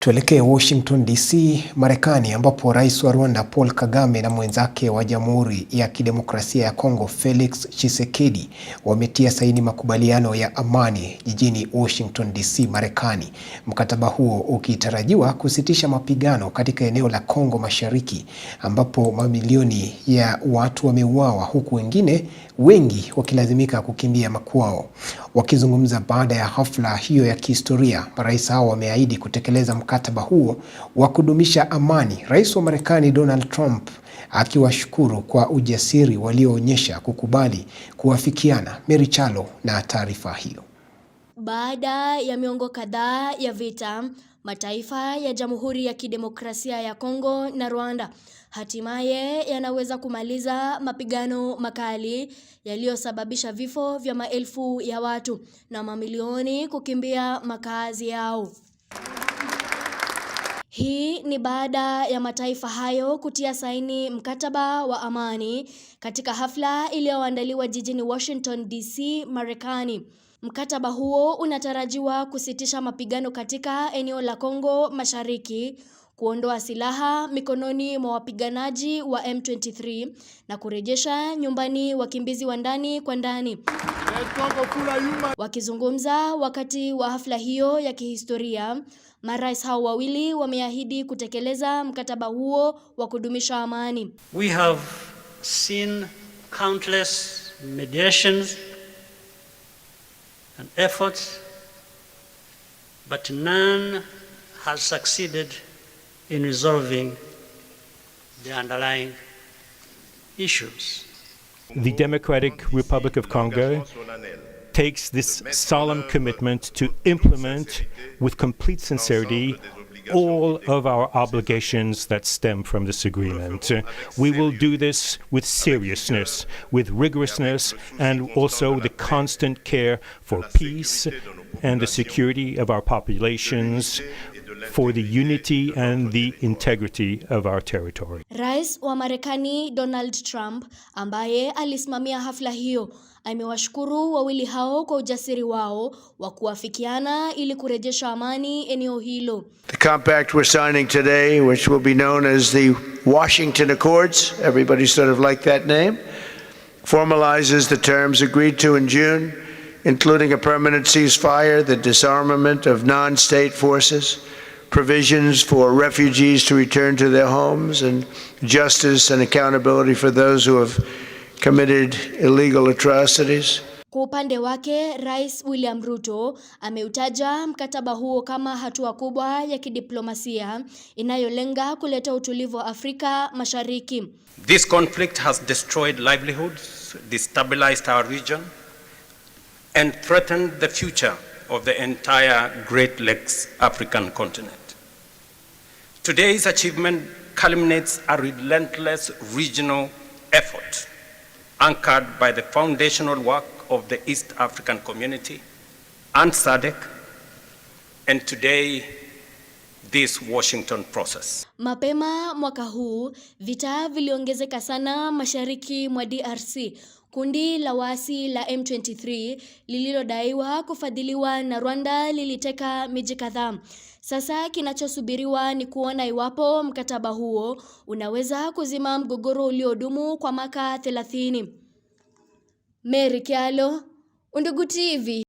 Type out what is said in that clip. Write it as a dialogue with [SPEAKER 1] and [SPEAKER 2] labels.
[SPEAKER 1] Tuelekee Washington DC, Marekani ambapo Rais wa Rwanda Paul Kagame na mwenzake wa Jamhuri ya Kidemokrasia ya Kongo Felix Tshisekedi wametia saini makubaliano ya amani jijini Washington DC, Marekani. Mkataba huo ukitarajiwa kusitisha mapigano katika eneo la Kongo Mashariki ambapo mamilioni ya watu wameuawa huku wengine wengi wakilazimika kukimbia makwao. Wakizungumza baada ya hafla hiyo ya kihistoria, marais hao wameahidi kutekeleza mkataba huo wa kudumisha amani, rais wa Marekani Donald Trump akiwashukuru kwa ujasiri walioonyesha kukubali kuwafikiana. Mary Kyallo na taarifa hiyo.
[SPEAKER 2] Baada ya miongo kadhaa ya vita, mataifa ya Jamhuri ya Kidemokrasia ya Kongo na Rwanda hatimaye yanaweza kumaliza mapigano makali yaliyosababisha vifo vya maelfu ya watu na mamilioni kukimbia makazi yao. Hii ni baada ya mataifa hayo kutia saini mkataba wa amani katika hafla iliyoandaliwa jijini Washington DC, Marekani. Mkataba huo unatarajiwa kusitisha mapigano katika eneo la Kongo Mashariki, kuondoa silaha mikononi mwa wapiganaji wa M23 na kurejesha nyumbani wakimbizi wa ndani kwa ndani. Wakizungumza wakati wa hafla hiyo ya kihistoria, marais hao wawili wameahidi kutekeleza mkataba huo wa kudumisha amani.
[SPEAKER 3] We have seen countless mediations and efforts but none has succeeded in resolving the underlying issues.
[SPEAKER 4] the Democratic Republic of Congo takes this solemn commitment to implement with complete sincerity all of our obligations that stem from this agreement. Uh, we will do this with seriousness, with rigorousness, and also the constant care for peace and the security of our populations, for the unity and the integrity of our territory.
[SPEAKER 2] Rais wa Marekani Donald Trump ambaye alisimamia hafla hiyo amewashukuru wawili hao kwa ujasiri wao wa kuafikiana ili kurejesha amani eneo hilo
[SPEAKER 5] compact we're signing today, which will be known as the Washington Accords, everybody sort of liked that name, formalizes the terms agreed to in June, including a permanent ceasefire, the disarmament of non state forces, provisions for refugees to return to their homes, and justice and accountability for those who have committed illegal atrocities.
[SPEAKER 2] Kwa upande wake, Rais William Ruto ameutaja mkataba huo kama hatua kubwa ya kidiplomasia inayolenga kuleta utulivu wa Afrika Mashariki.
[SPEAKER 6] This conflict has destroyed livelihoods, destabilized our region and threatened the future of the entire Great Lakes African continent. Today's achievement culminates a relentless regional effort anchored by the foundational work of the East African Community and SADC, and today this Washington process.
[SPEAKER 2] Mapema mwaka huu, vita viliongezeka sana mashariki mwa DRC Kundi la waasi la M23 lililodaiwa kufadhiliwa na Rwanda liliteka miji kadhaa. Sasa kinachosubiriwa ni kuona iwapo mkataba huo unaweza kuzima mgogoro uliodumu kwa miaka 30. Mary Kyalo, Undugu TV.